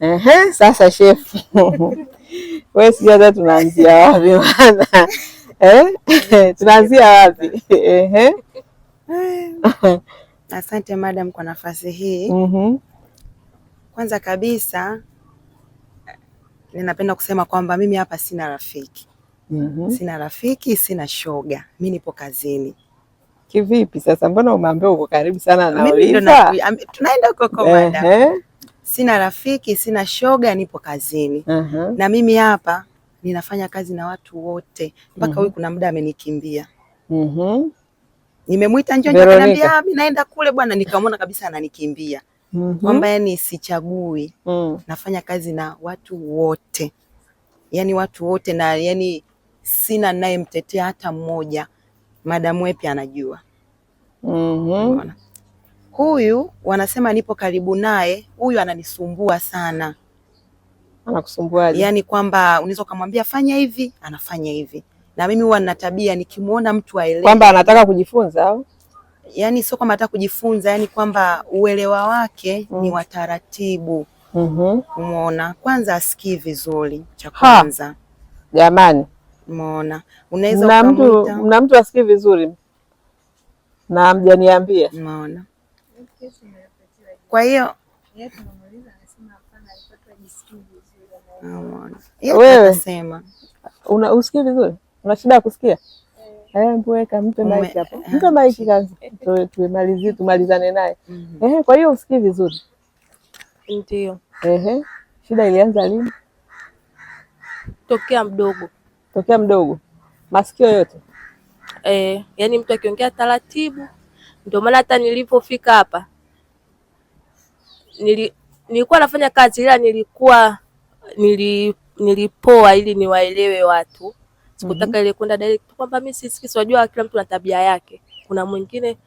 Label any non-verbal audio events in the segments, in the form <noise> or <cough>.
Ehe, sasa shefu <laughs> wewe, sijui hata tunaanzia wapi bwana eh? <laughs> tunaanzia wapi? Ehe. <laughs> Asante madam kwa nafasi hii. mm -hmm. Kwanza kabisa ninapenda kusema kwamba mimi hapa sina rafiki. mm -hmm. Sina rafiki, sina shoga, mi nipo kazini. Kivipi sasa? Mbona umeambia uko karibu sana na Oliva? Tunaenda huko kwa madam sina rafiki, sina shoga, nipo kazini. uh -huh. na mimi hapa ninafanya kazi na watu wote mpaka mhm. huyu uh -huh. kuna muda amenikimbia. uh mhm. -huh. Nimemwita njoo, akaniambia mimi ah, naenda kule bwana, nikamwona kabisa ananikimbia mhm. kwamba mm -hmm. Yani sichagui mm. Nafanya kazi na watu wote, yani watu wote, na yani sina nayemtetea hata mmoja. Madamu wepi anajua mm -hmm huyu wanasema nipo karibu naye, huyu ananisumbua sana. Anakusumbuaje? Yaani kwamba unaweza ukamwambia fanya hivi, anafanya hivi. Na mimi huwa nina tabia nikimwona mtu aelewe kwamba anataka kujifunza au yaani sio kwamba anataka kujifunza, yaani kwamba uelewa wake mm. ni wa taratibu mm umeona Kwanza asikii vizuri cha kwanza jamani, umeona unaweza mna mtu asikii vizuri na mjaniambia, umeona kwa hiyo wewe una usikii vizuri, una shida ya kusikia? Mpuweka, eh. mpe maiki hapo, <laughs> mpe maiki kazi, tumalizie, tumalizane naye. Mhm. Kwa hiyo usikii vizuri, ndio shida ilianza lini? Tokea mdogo, tokea mdogo, masikio yote eh, yani mtu akiongea taratibu ndio maana hata nilipofika hapa nili, nilikuwa nafanya kazi ila nilikuwa nili, nilipoa ili niwaelewe watu. Sikutaka mm -hmm. ile kwenda direct kwamba mimi sisiki, siwajua kila mtu na tabia yake. Kuna mwingine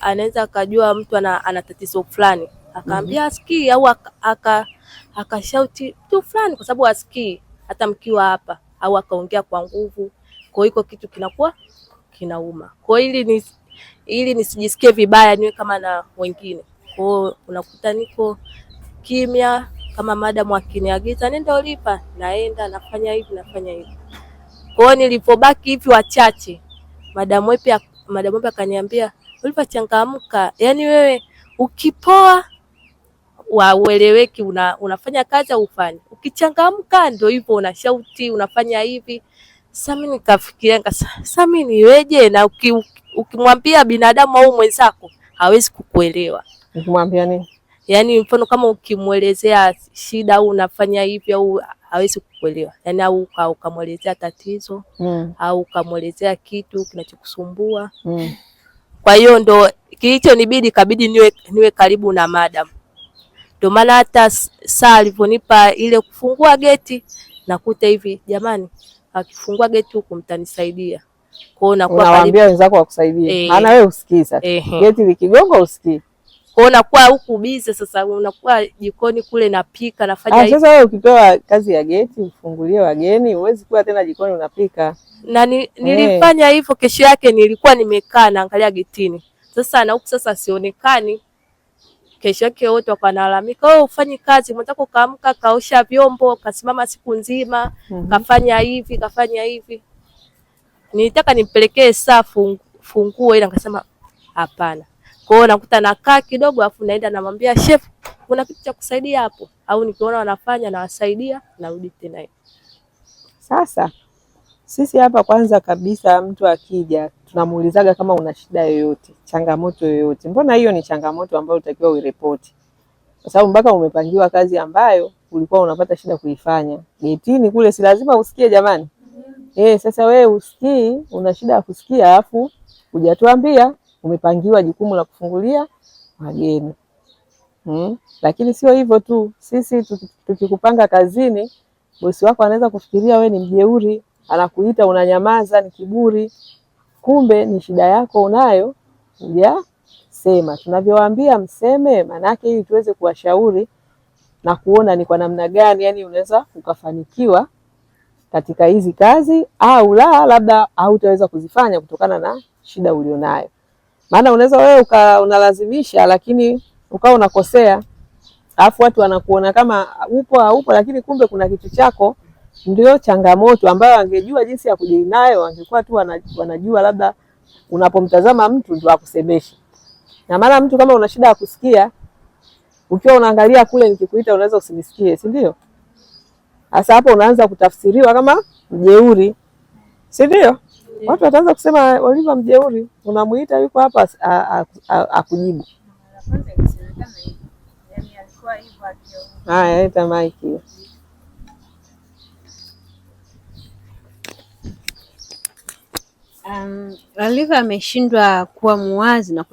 anaweza akajua mtu ana, ana tatizo fulani akaambia mm -hmm. asikii au akashauti aka, aka mtu fulani kwa sababu asikii hata mkiwa hapa au akaongea kwa nguvu, kwa hiyo iko kitu kinakuwa kinauma. Kwa hiyo ili ni ili nisijisikie vibaya niwe kama na wengine. Kwa hiyo unakuta niko kimya, kama madamu akiniagiza nenda ulipa, naenda nafanya hivi nafanya hivi. Kwa hiyo nilipobaki hivi wachache, madam wepi madam wepi akaniambia ulipa, changamka, yaani wewe ukipoa waueleweki una, unafanya kazi au ufanye, ukichangamka ndio hivyo unashauti unafanya hivi. Sasa mimi nikafikiria sasa mimi niweje na uki, ukimwambia binadamu au mwenzako hawezi kukuelewa. Ukimwambia nini? Yaani mfano kama ukimwelezea shida au unafanya hivi au hawezi kukuelewa, yaani au ukamwelezea tatizo mm. au ukamwelezea kitu kinachokusumbua mm. Kwa hiyo ndo kilicho nibidi kabidi niwe, niwe karibu na madam, ndo maana hata saa alivyonipa ile kufungua geti nakuta hivi, jamani, akifungua geti huku mtanisaidia kwa hiyo unakuwa unawaambia wenzako wakusaidie, eh. maana wewe usikii. Sasa geti likigonga usikii kwa nakuwa huku bize sasa, unakuwa jikoni kule napika nafanya ah, hivi. Sasa wewe ukipewa kazi ya geti ufungulie wageni, huwezi kuwa tena jikoni unapika. Na ni, eh. nilifanya hivyo hivyo. Kesho yake nilikuwa nimekaa naangalia getini sasa, na huku sasa sionekani. Kesho yake wote nalalamika, wewe oh, ufanyi kazi, mwenzako kaamka kaosha vyombo, kasimama siku nzima, mm -hmm. kafanya hivi kafanya hivi nilitaka nimpelekee saa funguo ila nikasema hapana. Kwa hiyo nakuta nakaa kidogo, afu naenda namwambia chef, kuna kitu cha kusaidia hapo, au nikiona wanafanya nawasaidia, narudi tena. Sasa sisi hapa, kwanza kabisa, mtu akija tunamuulizaga kama una shida yoyote, changamoto yoyote. Mbona hiyo ni changamoto ambayo utakiwa uiripoti, kwa sababu mpaka umepangiwa kazi ambayo ulikuwa unapata shida kuifanya. Getini kule si lazima usikie jamani Eh, sasa wewe usikii, una shida ya kusikia afu hujatuambia umepangiwa jukumu la kufungulia wageni. Hmm. Lakini sio hivyo tu, sisi tukikupanga kazini, bosi wako anaweza kufikiria we ni mjeuri, anakuita unanyamaza, ni kiburi. Kumbe ni shida yako unayo hujasema. Tunavyowaambia mseme, maanake ili tuweze kuwashauri na kuona ni kwa namna gani yani unaweza ukafanikiwa katika hizi kazi au la, labda hautaweza kuzifanya kutokana na shida ulionayo. Maana unaweza wewe unalazimisha, lakini ukawa unakosea, alafu watu wanakuona kama upo haupo, lakini kumbe kuna kitu chako ndio changamoto ambayo angejua jinsi ya kujili nayo, angekuwa tu wanajua, labda unapomtazama mtu ndio akusemeshe. Na maana mtu kama una shida ya kusikia, ukiwa unaangalia kule, nikikuita unaweza usinisikie, si ndio? hasa hapo unaanza kutafsiriwa kama mjeuri, si ndio? Watu wataanza kusema Oliva mjeuri, unamuita yuko hapa akujibu. Yaani Haya, eta maiki Um, ameshindwa kuwa muwazi na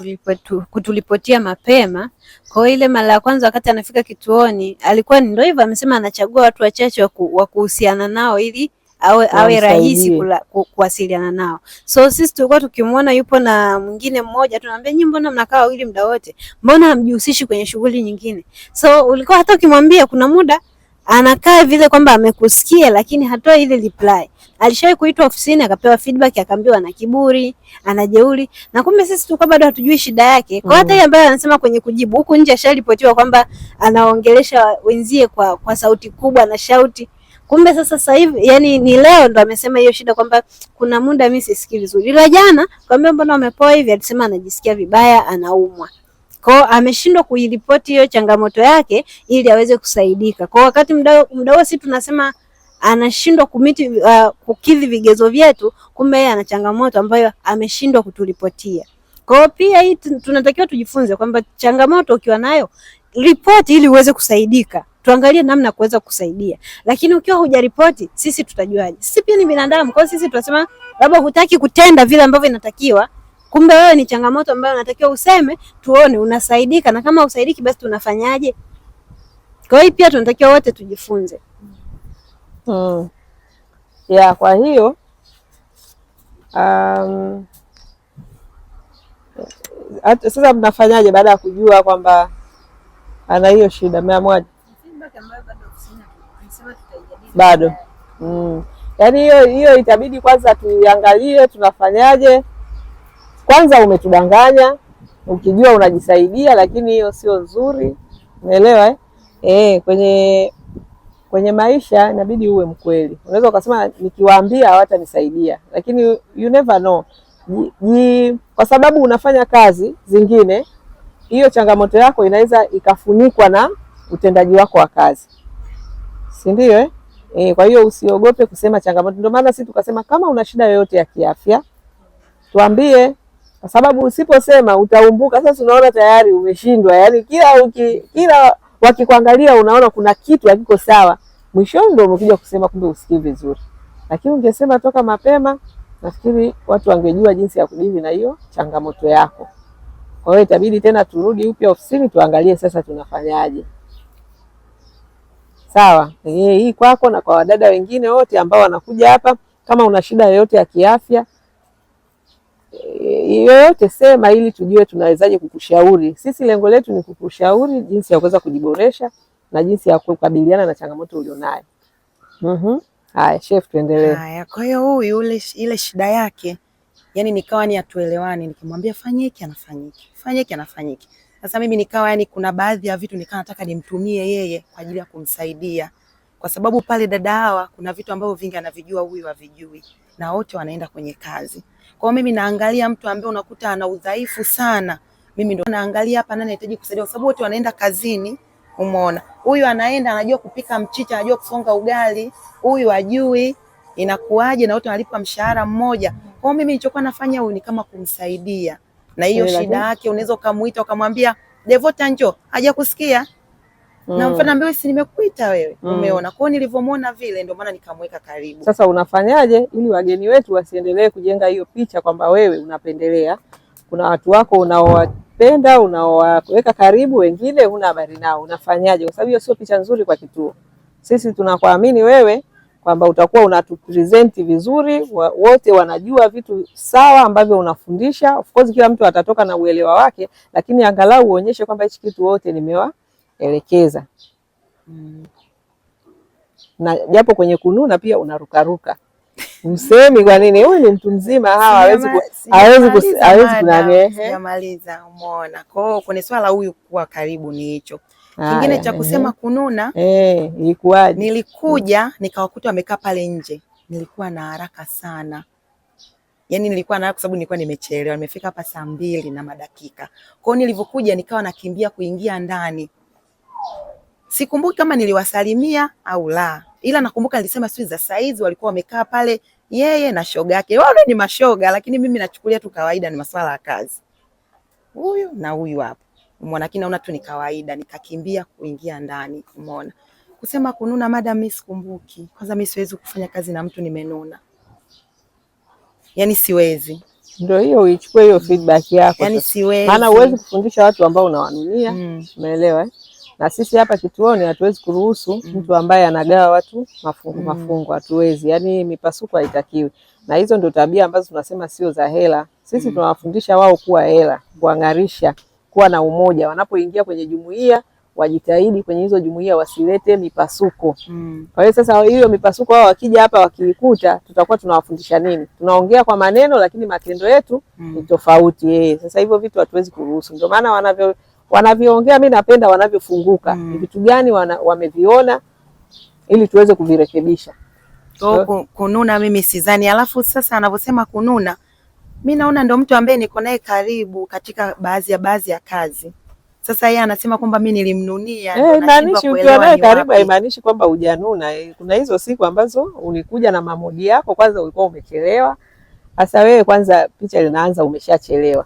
kutulipotia mapema. Kwa hiyo ile mara ya kwanza wakati anafika kituoni alikuwa ndio hivyo, amesema anachagua watu wachache wa kuhusiana nao ili awe, awe rahisi kuwasiliana nao. So sisi tulikuwa tukimwona yupo na mwingine mmoja, tunamwambia nyinyi, mbona mnakaa wawili muda wote, mbona hamjihusishi kwenye shughuli nyingine? So ulikuwa hata ukimwambia kuna muda anakaa vile kwamba amekusikia lakini hatoa ile reply. Alishawahi kuitwa ofisini akapewa feedback akaambiwa ana kiburi, ana jeuri na kumbe sisi tulikuwa bado hatujui shida yake. Kwa hata mm. yeye ambaye anasema kwenye kujibu huku nje asharipotiwa kwamba anaongelesha wenzie kwa kwa sauti kubwa na shauti. Kumbe sasa sasa hivi yani ni leo ndo amesema hiyo shida kwamba kuna muda mimi sisikii vizuri. Ila jana kwambia mbona amepoa hivi, alisema anajisikia vibaya, anaumwa. Kwa ameshindwa kuiripoti hiyo changamoto yake ili aweze kusaidika. Kwa wakati mdao mdao, sisi tunasema anashindwa kumiti uh, kukidhi vigezo vyetu, kumbe yeye ana changamoto ambayo ameshindwa kuturipotia. Kwa hiyo pia hii tunatakiwa tujifunze kwamba changamoto ukiwa nayo ripoti ili uweze kusaidika tuangalie namna ya kuweza kusaidia, lakini ukiwa hujaripoti, sisi tutajuaje? Sisi pia ni binadamu, kwa hiyo sisi tunasema labda hutaki kutenda vile ambavyo inatakiwa, kumbe wewe ni changamoto ambayo unatakiwa useme, tuone unasaidika, na kama usaidiki, basi tunafanyaje? Kwa hiyo pia tunatakiwa wote tujifunze mm. Ya, kwa hiyo um, at, sasa mnafanyaje baada ya kujua kwamba ana hiyo shida? Mmeamwaje? bado mm. Yaani hiyo hiyo itabidi kwanza tuiangalie tunafanyaje. Kwanza umetudanganya ukijua unajisaidia, lakini hiyo sio nzuri, umeelewa eh? E, kwenye Kwenye maisha inabidi uwe mkweli. Unaweza ukasema nikiwaambia hawatanisaidia, lakini you never know. Ni kwa sababu unafanya kazi zingine, hiyo changamoto yako inaweza ikafunikwa na utendaji wako wa kazi, si ndio eh? E, kwa hiyo usiogope kusema changamoto. Ndio maana sisi tukasema kama una shida yoyote ya kiafya tuambie, kwa sababu usiposema utaumbuka. Sasa tunaona tayari umeshindwa, yani kila uki, kila wakikuangalia unaona kuna kitu hakiko sawa, mwishoni ndio umekuja kusema kumbe usikii vizuri. Lakini ungesema toka mapema, nafikiri watu wangejua jinsi ya kudili na hiyo changamoto yako. Kwa hiyo itabidi tena turudi upya ofisini tuangalie sasa tunafanyaje. Sawa, eh, hii kwako na kwa wadada wengine wote ambao wanakuja hapa, kama una shida yoyote ya kiafya yoyote sema, ili tujue tunawezaje kukushauri. Sisi lengo letu ni kukushauri jinsi ya kuweza kujiboresha na jinsi ya kukabiliana na changamoto ulionayo. mm Haya, chef, tuendelee. Haya, kwa hiyo huyu ile shida yake yani nikawa ni atuelewani, nikimwambia fanye hiki anafanya hiki, fanye hiki anafanya hiki. Sasa mimi nikawa yani, kuna baadhi ya vitu nikawa nataka nimtumie yeye kwa ajili ya kumsaidia, kwa sababu pale dada hawa kuna vitu ambavyo vingi anavijua huyu havijui, na wote wanaenda kwenye kazi. Kwa mimi naangalia mtu ambaye unakuta ana udhaifu sana, mimi ndo naangalia hapa nani anahitaji kusaidia kwa sababu wote wanaenda kazini. Umeona, huyu anaenda anajua kupika mchicha, anajua kusonga ugali, huyu ajui inakuwaje, na wote wanalipwa mshahara mmoja. Kwa mimi nilichokuwa nafanya huyu ni kama kumsaidia, na hiyo eh, shida yake unaweza ukamuita ukamwambia Devota, njoo haja kusikia mm. na mfano ambaye si nimekuita wewe mm. umeona. Kwa nilivyomwona vile ndio maana nikamweka karibu. Sasa unafanyaje ili wageni wetu wasiendelee kujenga hiyo picha kwamba wewe unapendelea, kuna watu wako unaowapenda unaowaweka karibu, wengine huna habari nao, unafanyaje? Kwa sababu hiyo sio picha nzuri kwa kituo. Sisi tunakuamini wewe kwamba utakuwa unatupresent vizuri, wote wanajua vitu sawa ambavyo unafundisha. Of course kila mtu atatoka na uelewa wake, lakini angalau uonyeshe kwamba hichi kitu wote nimewa elekeza mm. na japo kwenye kununa pia unarukaruka <laughs> msemi kwa nini? Huyu ni mtu mzima, Yamaliza, Umeona, kwa hiyo kwenye swala huyu kuwa karibu ni hicho kingine cha kusema uh Kununa eh, ilikuwaje? Nilikuja nikawakuta wamekaa pale nje, nilikuwa na haraka sana yaani nilikuwa na kwa sababu nilikuwa nimechelewa, nimefika hapa saa mbili na madakika. Kwa hiyo nilivyokuja nikawa nakimbia kuingia ndani Sikumbuki kama niliwasalimia au la, ila nakumbuka nilisema siku za saizi walikuwa wamekaa pale, yeye na shoga yake. Wao ni mashoga, lakini mimi nachukulia tu kawaida, ni masuala ya kazi, huyu na huyu hapo. Umeona, lakini naona tu ni kawaida, nikakimbia kuingia ndani. Umeona, kusema kununa, madam, mimi sikumbuki. Kwanza mimi siwezi kufanya kazi na mtu nimenuna, yani siwezi ndio hiyo uichukue hiyo feedback yako. Yaani siwezi. Maana huwezi kufundisha watu ambao unawanunia. Mm. Umeelewa? Mm. Eh? na sisi hapa kituoni hatuwezi kuruhusu mtu mm mtu ambaye anagawa watu mafungu mm mafungu hatuwezi, yani mipasuko haitakiwi, na hizo ndio tabia ambazo tunasema sio za hela. Sisi mm tunawafundisha wao kuwa hela, kuang'arisha, kuwa na umoja. Wanapoingia kwenye jumuiya wajitahidi kwenye hizo jumuiya wasilete mipasuko mm. Kwa hiyo sasa, hiyo mipasuko wao wakija hapa wakiikuta, tutakuwa tunawafundisha nini? Tunaongea kwa maneno, lakini matendo yetu ni mm. tofauti. Ee, sasa hivyo vitu hatuwezi kuruhusu, ndio maana wanavyo wanavyoongea, mi napenda wanavyofunguka mm. ni mm. vitu gani wameviona ili tuweze kuvirekebisha. So, kununa mimi sidhani. Alafu sasa anavyosema kununa, mi naona ndo mtu ambaye niko naye karibu katika baadhi ya baadhi ya kazi. Sasa yeye anasema kwamba mi nilimnunia, eh, haimaanishi hey, ukiwa naye karibu haimaanishi kwamba hujanuna. Eh, kuna hizo siku ambazo ulikuja na mamodi yako, kwanza ulikuwa umechelewa. Sasa wewe kwanza picha linaanza umeshachelewa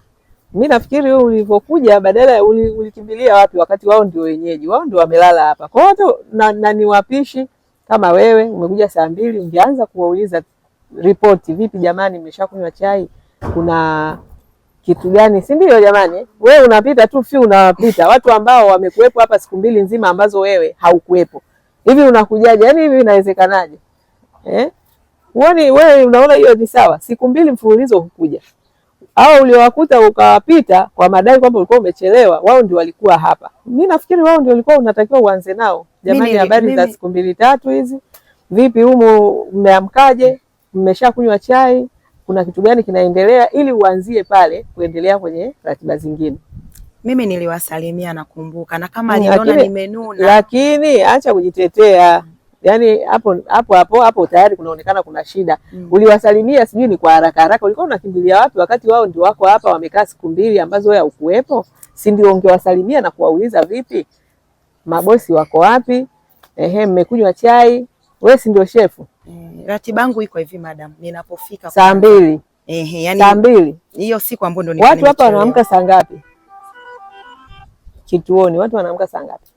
mi nafikiri wewe ulivyokuja, badala ya ulikimbilia wapi? Wakati wao ndio wenyeji, wao ndio wamelala hapa kwa hiyo na, na ni wapishi kama wewe. Umekuja saa mbili, ungeanza kuwauliza ripoti, vipi jamani, mmeshakunywa chai? Kuna kitu gani, si ndio? Jamani, wewe unapita tu fi, unawapita watu ambao wamekuwepo hapa siku mbili nzima ambazo wewe haukuwepo. Hivi unakujaje? Yani hivi inawezekanaje eh? Uone wewe, unaona hiyo ni sawa? Siku mbili mfululizo hukuja au uliowakuta ukawapita kwa madai kwamba ulikuwa umechelewa, wao ndio walikuwa hapa. mi nafikiri wao ndio walikuwa unatakiwa uanze nao, jamani, habari za siku mbili tatu hizi, vipi humu, mmeamkaje? Mmeshakunywa chai? Kuna kitu gani kinaendelea? Ili uanzie pale kuendelea kwenye ratiba zingine. Mimi niliwasalimia nakumbuka, na kama niliona mm, nimenuna, lakini acha kujitetea yani hapo hapo hapo hapo tayari kunaonekana kuna shida mm. Uliwasalimia sijui ni kwa haraka haraka, ulikuwa unakimbilia wapi wakati wao ndio wako hapa wamekaa siku mbili ambazo wewe haukuwepo? Si ndio ungewasalimia na kuwauliza vipi, mabosi wako wapi? Ehe, mmekunywa chai? Wewe si ndio shefu? Mm. Ratiba yangu iko hivi madam, ninapofika saa mbili ehe, yani saa mbili hiyo siku ambayo ndio watu hapa wanaamka saa ngapi kituoni? Watu wanaamka saa ngapi?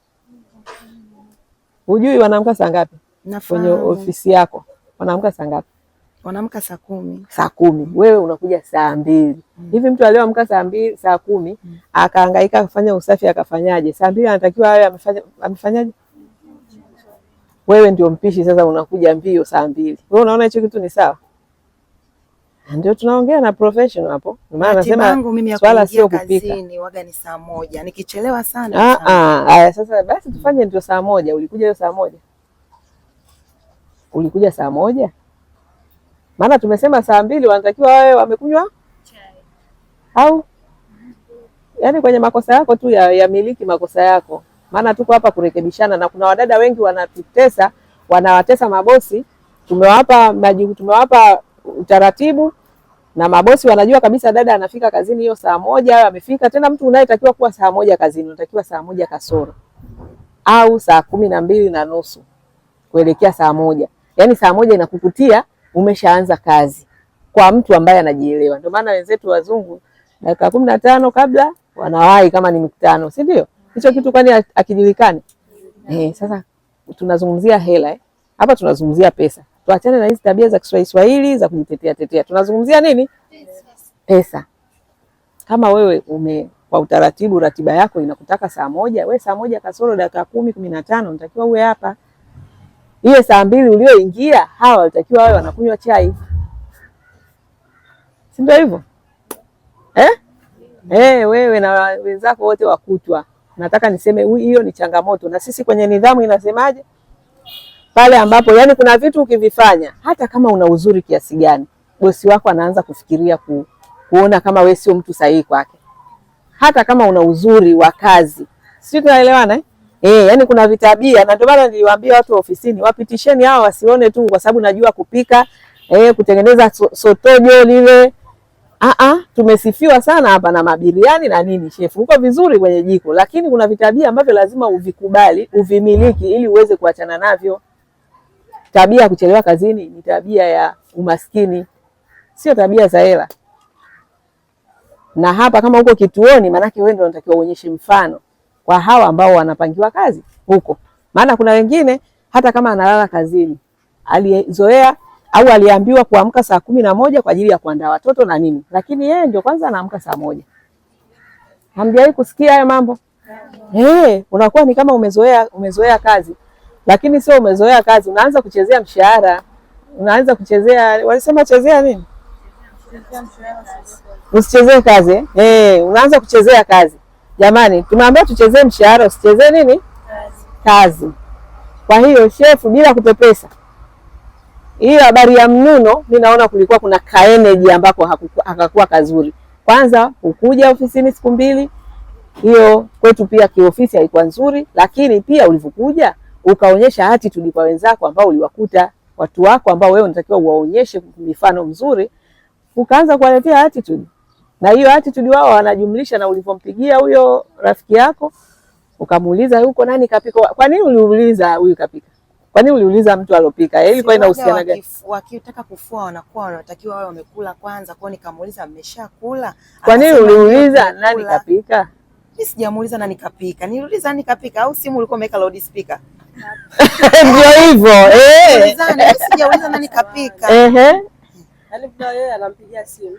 Hujui wanaamka saa ngapi? Kwenye ofisi yako wanaamka saa ngapi? Wanaamka saa kumi. Saa kumi. Wewe unakuja saa mbili. Mm. Hivi mtu alioamka saa mbili, saa kumi, mm, akaangaika kufanya usafi akafanyaje? Saa mbili anatakiwa awe amefanya amefanyaje? Wewe ndio mpishi sasa unakuja mbio saa mbili. Wewe unaona hicho kitu ni sawa? Ndio tunaongea na professional hapo. Maana nasema swala sio kupika. Waga ni saa moja. Nikichelewa sana. Ah ah, sasa basi tufanye ndio saa moja. Ulikuja hiyo saa moja? Ulikuja saa moja? Maana tumesema saa mbili wanatakiwa wawe wamekunywa chai. Au? Yaani kwenye makosa yako tu ya, ya miliki makosa yako. Maana tuko hapa kurekebishana na kuna wadada wengi wanatutesa, wanawatesa mabosi. Tumewapa majibu, tumewapa utaratibu na mabosi wanajua kabisa dada anafika kazini hiyo saa moja, amefika tena. Mtu unayetakiwa kuwa saa moja kazini unatakiwa saa moja kasoro au saa kumi na mbili na nusu kuelekea saa moja, yaani saa moja inakukutia umeshaanza kazi, kwa mtu ambaye anajielewa. Ndio maana wenzetu wazungu dakika kumi na tano kabla wanawahi, kama ni mkutano si ndio? Hicho kitu kwani akijulikani? Eh, sasa tunazungumzia hela eh? Hapa tunazungumzia pesa tuachane na hizi tabia za Kiswahili Swahili za kujitetea tetea. Tunazungumzia nini? Pesa. Kama wewe ume kwa utaratibu ratiba yako inakutaka saa moja, we saa moja kasoro dakika kumi kumi na tano unatakiwa uwe hapa. Ile saa mbili ulioingia hawa walitakiwa wawe wanakunywa chai, si ndio hivyo eh? Eh, wewe na wenzako wote wakutwa. Nataka niseme hiyo ni changamoto, na sisi kwenye nidhamu inasemaje? pale ambapo yani kuna vitu ukivifanya hata kama una uzuri kiasi gani, bosi wako anaanza kufikiria ku, kuona kama wewe sio mtu sahihi kwake, hata kama una uzuri wa kazi. Sio, tunaelewana eh? E, yani kuna vitabia, na ndio maana niliwaambia watu ofisini wapitisheni hao, wasione tu kwa sababu najua kupika eh, kutengeneza so, sotojo lile Aa, ah, ah, tumesifiwa sana hapa na mabiriani na nini, shefu uko vizuri kwenye jiko, lakini kuna vitabia ambavyo lazima uvikubali, uvimiliki ili uweze kuachana navyo tabia ya kuchelewa kazini ni tabia ya umaskini, sio tabia za hela. Na hapa kama uko kituoni, maanake wewe ndio unatakiwa uonyeshe mfano kwa hawa ambao wanapangiwa kazi huko, maana kuna wengine hata kama analala kazini alizoea au aliambiwa kuamka saa kumi na moja kwa ajili ya kuandaa watoto na nini, lakini yeye ndio kwanza anaamka saa moja. Hamjawahi kusikia haya mambo? Eh, unakuwa ni kama umezoea umezoea kazi lakini sio umezoea kazi, unaanza kuchezea mshahara, unaanza kuchezea, walisema chezea nini, usichezee kazi eh? Hey, unaanza kuchezea kazi. Jamani, tumeambia tuchezee mshahara, usichezee nini kazi, kazi. Kwa hiyo shefu, bila kupepesa hiyo habari ya mnuno, mi naona kulikuwa kuna kaeneji ambako hakakuwa kazuri. Kwanza ukuja ofisini siku mbili, hiyo kwetu pia kiofisi haikuwa nzuri, lakini pia ulivyokuja ukaonyesha attitude kwa wenzako ambao uliwakuta, watu wako ambao wewe unatakiwa uwaonyeshe mifano mzuri, ukaanza kuwaletea attitude, na hiyo attitude wao wanajumlisha na ulipompigia huyo rafiki yako ukamuuliza yuko nani kapika. Kwa nini uliuliza huyu kapika? Kwa nini uliuliza mtu alopika? Ile ina inahusiana gani? Wakitaka kufua wanakuwa wanatakiwa wao wamekula kwanza, kwao nikamuuliza ameshakula, Kwa nini uliuliza nani kapika? Mimi sijamuuliza nani kapika, niliuliza nani kapika, au simu ulikuwa umeweka loud speaker? <laughs> ndio hivyo eh, kapika. Yaani yeye anampigia simu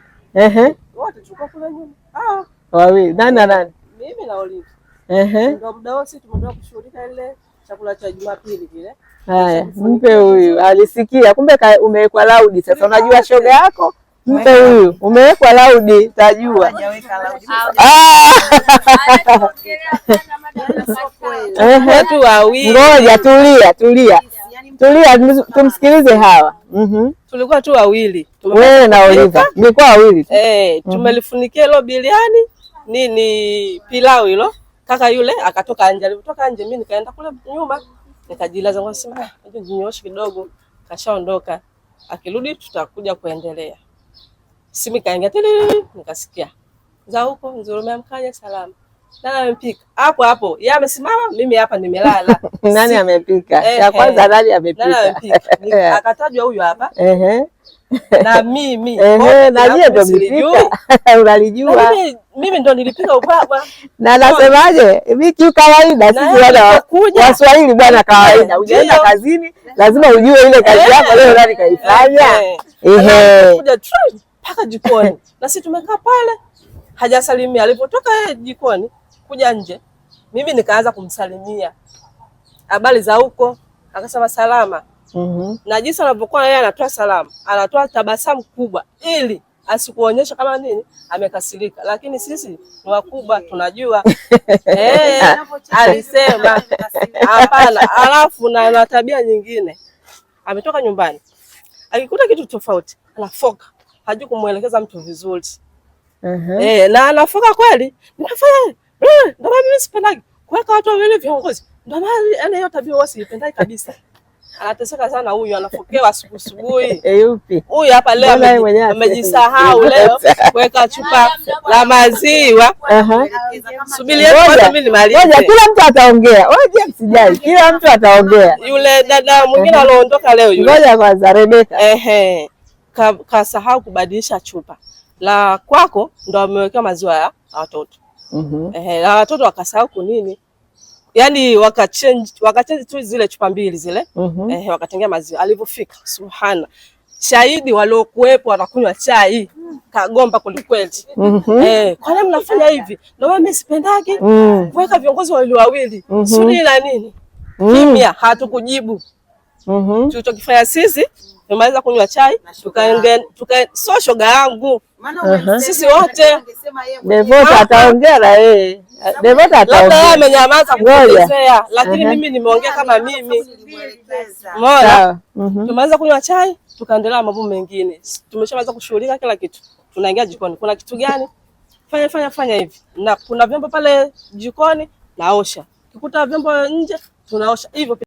kule nyuma, ah, wawili nani na nani, mimi na Olive. Ehe, ndio muda wote tumeenda kushughulika ile chakula cha Jumapili vile. Haya, mpe huyu, alisikia kumbe umewekwa laudi. Sasa unajua shoga yako Mpe huyu umewekwa laudi, tajua. <laughs> Yaani Ngoja tulia, tulia, yaani tulia, tumsikilize Hawa. Mhm. Tulikuwa tu wawili, wewe na Oliva, wawili tu. Eh, mhm. Tumelifunikia hilo biliani nini, pilau hilo. Kaka yule akatoka nje, alipotoka nje mimi nikaenda kule nyuma nikajilaza, nikasema ah, kidogo, kashaondoka, akirudi tutakuja kuendelea. Simu ikaingia, nikasikia za huko Nzurumamkaja salama nani amepika? Hapo hapo. Yeye amesimama, mimi hapa nimelala. <laughs> Nani amepika? Ya kwanza nani amepika? <laughs> Akatajwa huyu hapa. Na mimi. na yeye ndo mlipika. <laughs> Unalijua. Mimi ndo nilipika ubaba. Na nasemaje? kawaida sisi wana Waswahili bwana kawaida. kazini, lazima ujue ile kazi yako leo nani kaifanya. Ehe. Kuja jikoni. Na sisi tumekaa pale. Hajasalimia alipotoka yeye jikoni. Kuja nje, mimi nikaanza kumsalimia, habari za huko, akasema salama. Mm -hmm. Na jinsi anavyokuwa yeye anatoa salamu, anatoa tabasamu kubwa ili asikuonyesha kama nini amekasirika, lakini sisi ni wakubwa tunajua. Hey, <laughs> eh, alisema hapana. Alafu na na tabia nyingine, ametoka nyumbani akikuta kitu tofauti anafoka, hajui kumwelekeza mtu vizuri. uh -huh. Hey, na anafoka kweli, nafanya Eh, ndio maana mimi sipendagi kuweka watu wawili viongozi. Ndio maana hiyo tabia huwa kabisa. Anateseka sana huyu, anapokewa asubuhi. <laughs> Eh, yupi? Huyu hapa leo amejisahau leo kuweka <laughs> chupa la maziwa. Aha. Subiri mimi nimalize. Ngoja kila mtu ataongea. Ngoja msijali. Kila mtu ataongea. Yule dada mwingine alioondoka leo yule. Ngoja kwanza Rebeka. Ehe. Kasahau kubadilisha chupa la kwako, ndo amewekewa maziwa ya watoto mm -hmm. Eh, na watoto wakasahau kunini, yaani wakachange wakachange tu zile chupa mbili zile mm -hmm. Eh, wakatengea maziwa. Alivyofika subhana, shahidi waliokuwepo wanakunywa chai Kagomba kwelikweli. mm -hmm. Eh, kwa nini mnafanya hivi? Na wewe mimi sipendagi mm. kuweka viongozi wawili wawili mm -hmm. sudi na nini mm. kimya, hatukujibu mm -hmm. tulichokifanya sisi tumaweza kunywa chai tukaenda tuka, so shoga yangu sisi wote Devota ataongea na yeye. Devota ataongea, amenyamaza kuelezea, lakini mimi nimeongea kama mimi. Mbona? Mhm. Mhm. tumeweza kunywa chai, tukaendelea mambo mengine. Tumeshaanza kushughulika kila kitu, tunaingia jikoni. Kuna kitu gani? Fanya fanya fanya hivi, na kuna vyombo pale jikoni, naosha. Kikuta vyombo nje, tunaosha hivyo.